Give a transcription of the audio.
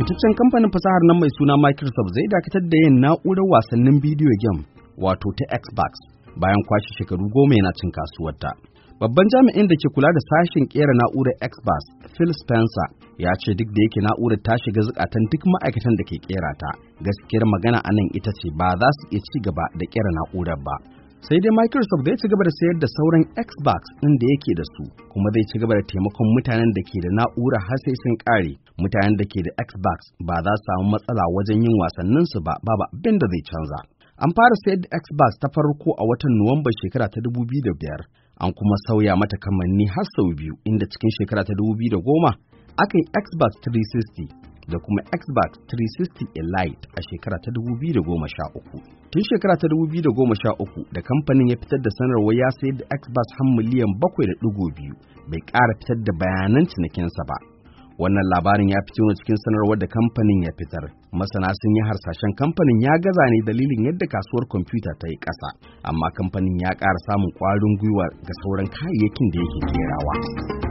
fitaccen kamfanin fasahar nan mai suna Microsoft zai dakatar da yin na'urar wasannin bidiyo game wato ta Xbox bayan kwashe shekaru goma yana cin kasuwarta. Babban jami'in da ke kula da sashen kera na'urar Xbox, Phil Spencer, ya ce duk da yake na'urar ta shiga zukatan duk ma'aikatan da ke kera ta, gaskiyar magana a nan ita ce ba za su iya ci gaba da kera na'urar ba. sai dai Microsoft zai ci gaba da sayar da sauran Xbox ɗin da yake da su kuma zai ci gaba da taimakon mutanen da ke da na'ura har sai sun kare mutanen da ke da Xbox ba za su samu matsala wajen yin wasannin su ba babu abin da zai canza an fara sayar da Xbox ta farko a watan Nuwamba shekara ta 2005 an kuma sauya mata kamanni har sau biyu inda cikin shekara ta 2010 aka yi Xbox 360 da kuma Xbox 360 Elite a shekara ta 2013. Tun shekara ta 2013 da kamfanin ya fitar da sanarwar ya sayar da Xbox har miliyan 7.2 bai ƙara fitar da bayanan cinikinsa ba. Wannan labarin ya fito ne cikin sanarwar da kamfanin ya fitar. Masana sun yi harsashen kamfanin ya gaza ne dalilin yadda kasuwar kwamfuta ta yi ƙasa, amma kamfanin ya ƙara samun ƙwarin gwiwa ga sauran kayayyakin da yake kerawa.